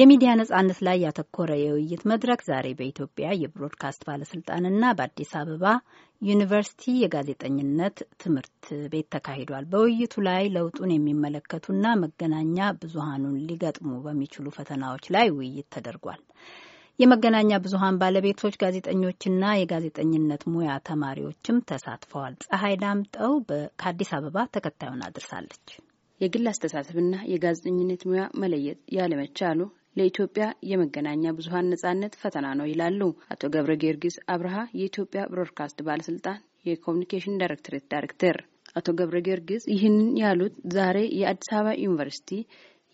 የሚዲያ ነጻነት ላይ ያተኮረ የውይይት መድረክ ዛሬ በኢትዮጵያ የብሮድካስት ባለስልጣንና በአዲስ አበባ ዩኒቨርሲቲ የጋዜጠኝነት ትምህርት ቤት ተካሂዷል። በውይይቱ ላይ ለውጡን የሚመለከቱና መገናኛ ብዙሃኑን ሊገጥሙ በሚችሉ ፈተናዎች ላይ ውይይት ተደርጓል። የመገናኛ ብዙሃን ባለቤቶች ጋዜጠኞችና የጋዜጠኝነት ሙያ ተማሪዎችም ተሳትፈዋል። ፀሐይ ዳምጠው ከአዲስ አበባ ተከታዩን አድርሳለች። የግል አስተሳሰብና የጋዜጠኝነት ሙያ መለየት ያለመቻሉ ለኢትዮጵያ የመገናኛ ብዙሀን ነጻነት ፈተና ነው ይላሉ አቶ ገብረ ጊዮርጊስ አብርሃ የኢትዮጵያ ብሮድካስት ባለስልጣን የኮሚኒኬሽን ዳይሬክቶሬት ዳይሬክተር። አቶ ገብረ ጊዮርጊስ ይህንን ያሉት ዛሬ የአዲስ አበባ ዩኒቨርሲቲ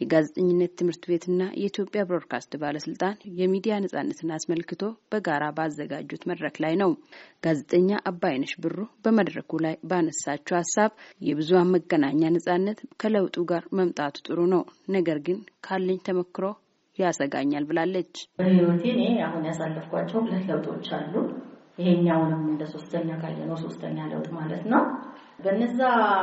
የጋዜጠኝነት ትምህርት ቤትና የኢትዮጵያ ብሮድካስት ባለስልጣን የሚዲያ ነጻነትን አስመልክቶ በጋራ ባዘጋጁት መድረክ ላይ ነው። ጋዜጠኛ አባይነሽ ብሩ በመድረኩ ላይ ባነሳችው ሀሳብ የብዙሀን መገናኛ ነጻነት ከለውጡ ጋር መምጣቱ ጥሩ ነው፣ ነገር ግን ካለኝ ተመክሮ ያሰጋኛል ብላለች። በህይወቴ እኔ አሁን ያሳለፍኳቸው ሁለት ለውጦች አሉ። ይሄኛውንም እንደ ሶስተኛ ካየነው ሶስተኛ ለውጥ ማለት ነው። በነዛ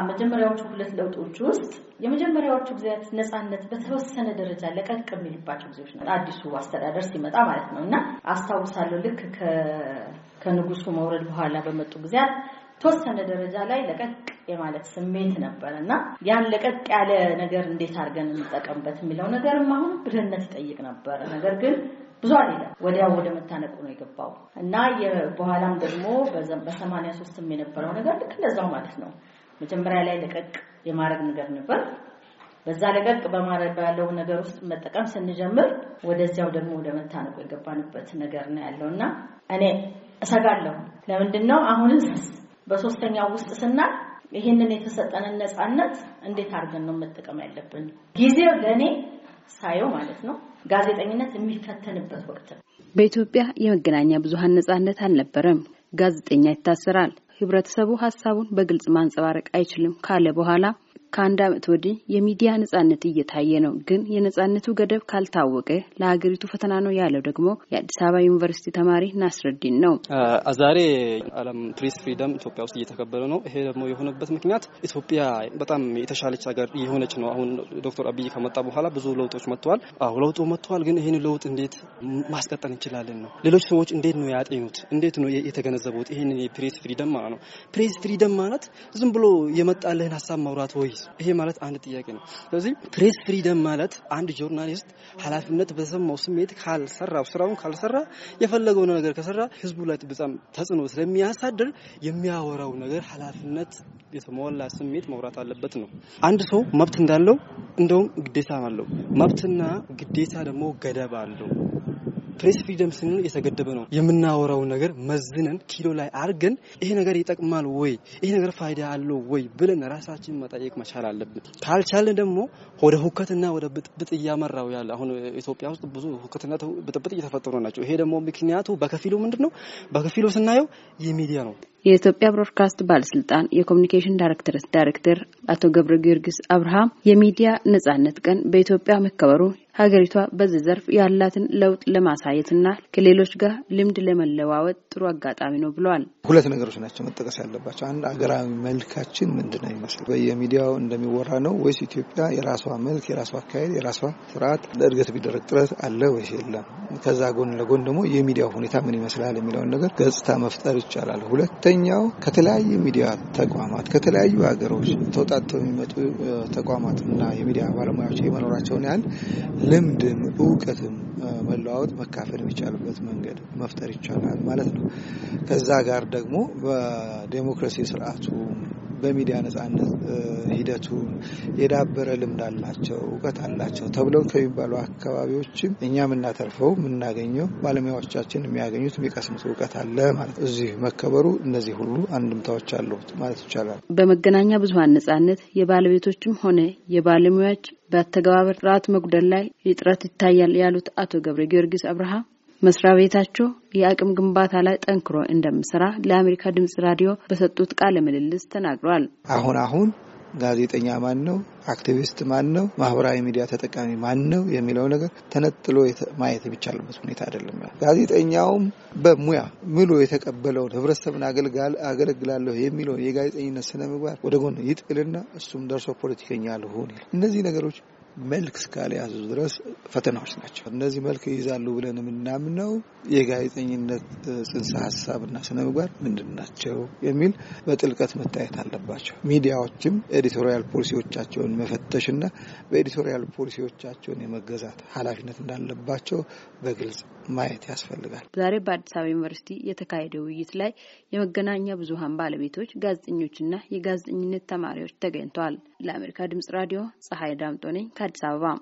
መጀመሪያዎቹ ሁለት ለውጦች ውስጥ የመጀመሪያዎቹ ጊዜያት ነፃነት በተወሰነ ደረጃ ለቀቅ የሚልባቸው ጊዜዎች ነው። አዲሱ አስተዳደር ሲመጣ ማለት ነው እና አስታውሳለሁ ልክ ከንጉሱ መውረድ በኋላ በመጡ ጊዜያት ተወሰነ ደረጃ ላይ ለቀቅ የማለት ስሜት ነበር እና ያን ለቀቅ ያለ ነገር እንዴት አድርገን እንጠቀምበት የሚለው ነገርም አሁን ብድህነት ይጠይቅ ነበር። ነገር ግን ብዙ አይደለም፣ ወዲያው ወደ መታነቁ ነው የገባው እና በኋላም ደግሞ በሰማንያ ሶስትም የነበረው ነገር ልክ እንደዛው ማለት ነው። መጀመሪያ ላይ ለቀቅ የማድረግ ነገር ነበር። በዛ ለቀቅ በማድረግ ያለው ነገር ውስጥ መጠቀም ስንጀምር ወደዚያው ደግሞ ወደ መታነቁ የገባንበት ነገር ነው ያለው እና እኔ እሰጋለሁ። ለምንድን ነው አሁንስ በሶስተኛው ውስጥ ስናል ይህንን የተሰጠንን ነፃነት እንዴት አድርገን ነው መጠቀም ያለብን? ጊዜው ለእኔ ሳየው ማለት ነው ጋዜጠኝነት የሚፈተንበት ወቅት ነው። በኢትዮጵያ የመገናኛ ብዙሃን ነጻነት አልነበረም። ጋዜጠኛ ይታሰራል፣ ህብረተሰቡ ሀሳቡን በግልጽ ማንጸባረቅ አይችልም ካለ በኋላ ከአንድ ዓመት ወዲህ የሚዲያ ነጻነት እየታየ ነው። ግን የነጻነቱ ገደብ ካልታወቀ ለሀገሪቱ ፈተና ነው ያለው ደግሞ የአዲስ አበባ ዩኒቨርሲቲ ተማሪ ናስረዲን ነው። ዛሬ ዓለም ፕሬስ ፍሪደም ኢትዮጵያ ውስጥ እየተከበረ ነው። ይሄ ደግሞ የሆነበት ምክንያት ኢትዮጵያ በጣም የተሻለች ሀገር የሆነች ነው። አሁን ዶክተር አብይ ከመጣ በኋላ ብዙ ለውጦች መጥተዋል። አሁ ለውጡ መጥተዋል። ግን ይህን ለውጥ እንዴት ማስቀጠል እንችላለን ነው። ሌሎች ሰዎች እንዴት ነው ያጤኑት? እንዴት ነው የተገነዘቡት? ይህን የፕሬስ ፍሪደም ማለት ነው። ፕሬስ ፍሪደም ማለት ዝም ብሎ የመጣልህን ሀሳብ መውራት ወይ ይሄ ማለት አንድ ጥያቄ ነው። ስለዚህ ፕሬስ ፍሪደም ማለት አንድ ጆርናሊስት ኃላፊነት በተሰማው ስሜት ካልሰራ ስራውን ካልሰራ የፈለገው ነገር ከሰራ ህዝቡ ላይ በጣም ተጽዕኖ ስለሚያሳድር የሚያወራው ነገር ኃላፊነት የተሞላ ስሜት መውራት አለበት ነው። አንድ ሰው መብት እንዳለው እንደውም ግዴታ አለው። መብትና ግዴታ ደግሞ ገደብ አለው። ፕሬስ ፍሪደም ስንል የተገደበ ነው። የምናወራውን ነገር መዝነን ኪሎ ላይ አድርገን ይሄ ነገር ይጠቅማል ወይ ይሄ ነገር ፋይዳ አለው ወይ ብለን ራሳችን መጠየቅ መቻል አለብን። ካልቻለን ደግሞ ወደ ሁከትና ወደ ብጥብጥ እያመራው ያለ አሁን ኢትዮጵያ ውስጥ ብዙ ሁከትና ብጥብጥ እየተፈጠሩ ናቸው። ይሄ ደግሞ ምክንያቱ በከፊሉ ምንድን ነው? በከፊሉ ስናየው የሚዲያ ነው። የኢትዮጵያ ብሮድካስት ባለስልጣን የኮሚኒኬሽን ዳይሬክተር ዳይሬክተር አቶ ገብረ ጊዮርጊስ አብርሃም የሚዲያ ነጻነት ቀን በኢትዮጵያ መከበሩ ሀገሪቷ በዚህ ዘርፍ ያላትን ለውጥ ለማሳየትና ከሌሎች ጋር ልምድ ለመለዋወጥ ጥሩ አጋጣሚ ነው ብለዋል። ሁለት ነገሮች ናቸው መጠቀስ ያለባቸው። አንድ አገራዊ መልካችን ምንድን ነው ይመስል በየሚዲያው እንደሚወራ ነው ወይስ ኢትዮጵያ የራሷ መልክ፣ የራሷ አካሄድ፣ የራሷ ስርዓት ለእድገት ቢደረግ ጥረት አለ ወይስ የለም? ከዛ ጎን ለጎን ደግሞ የሚዲያው ሁኔታ ምን ይመስላል የሚለውን ነገር ገጽታ መፍጠር ይቻላል። ሁለተኛው ከተለያዩ ሚዲያ ተቋማት ከተለያዩ ሀገሮች ተውጣጥተው የሚመጡ ተቋማት እና የሚዲያ ባለሙያዎች የመኖራቸውን ያህል ልምድም እውቀትም መለዋወጥ መካፈል የሚቻልበት መንገድ መፍጠር ይቻላል ማለት ነው። ከዛ ጋር ደግሞ በዴሞክራሲ ስርዓቱ በሚዲያ ነጻነት ሂደቱን የዳበረ ልምድ አላቸው፣ እውቀት አላቸው ተብለው ከሚባሉ አካባቢዎችም እኛ የምናተርፈው የምናገኘው ባለሙያዎቻችን የሚያገኙት የሚቀስሙት እውቀት አለ ማለት እዚህ መከበሩ እነዚህ ሁሉ አንድምታዎች አሉት ማለት ይቻላል። በመገናኛ ብዙሀን ነጻነት የባለቤቶችም ሆነ የባለሙያዎች በአተገባበር ጥራት መጉደል ላይ እጥረት ይታያል ያሉት አቶ ገብረ ጊዮርጊስ አብርሃ መስሪያ ቤታቸው የአቅም ግንባታ ላይ ጠንክሮ እንደምሰራ ለአሜሪካ ድምጽ ራዲዮ በሰጡት ቃለ ምልልስ ተናግሯል። አሁን አሁን ጋዜጠኛ ማን ነው፣ አክቲቪስት ማን ነው፣ ማህበራዊ ሚዲያ ተጠቃሚ ማን ነው የሚለው ነገር ተነጥሎ ማየት የሚቻልበት ሁኔታ አይደለም። ጋዜጠኛውም በሙያ ምሎ የተቀበለውን ህብረተሰብን አገለግላለሁ የሚለውን የጋዜጠኝነት ስነ ምግባር ወደ ጎን ይጥልና እሱም ደርሶ ፖለቲከኛ ልሆን ይል። እነዚህ ነገሮች መልክ እስካልያዙ ድረስ ፈተናዎች ናቸው። እነዚህ መልክ ይይዛሉ ብለን የምናምነው የጋዜጠኝነት ጽንሰ ሀሳብና ስነ ምግባር ምንድን ናቸው የሚል በጥልቀት መታየት አለባቸው። ሚዲያዎችም ኤዲቶሪያል ፖሊሲዎቻቸውን መፈተሽና በኤዲቶሪያል ፖሊሲዎቻቸውን የመገዛት ኃላፊነት እንዳለባቸው በግልጽ ማየት ያስፈልጋል። ዛሬ በአዲስ አበባ ዩኒቨርሲቲ የተካሄደ ውይይት ላይ የመገናኛ ብዙኃን ባለቤቶች ጋዜጠኞችና የጋዜጠኝነት ተማሪዎች ተገኝተዋል። ለአሜሪካ ድምጽ ራዲዮ ፀሐይ ዳምጦ ነኝ ከአዲስ አበባ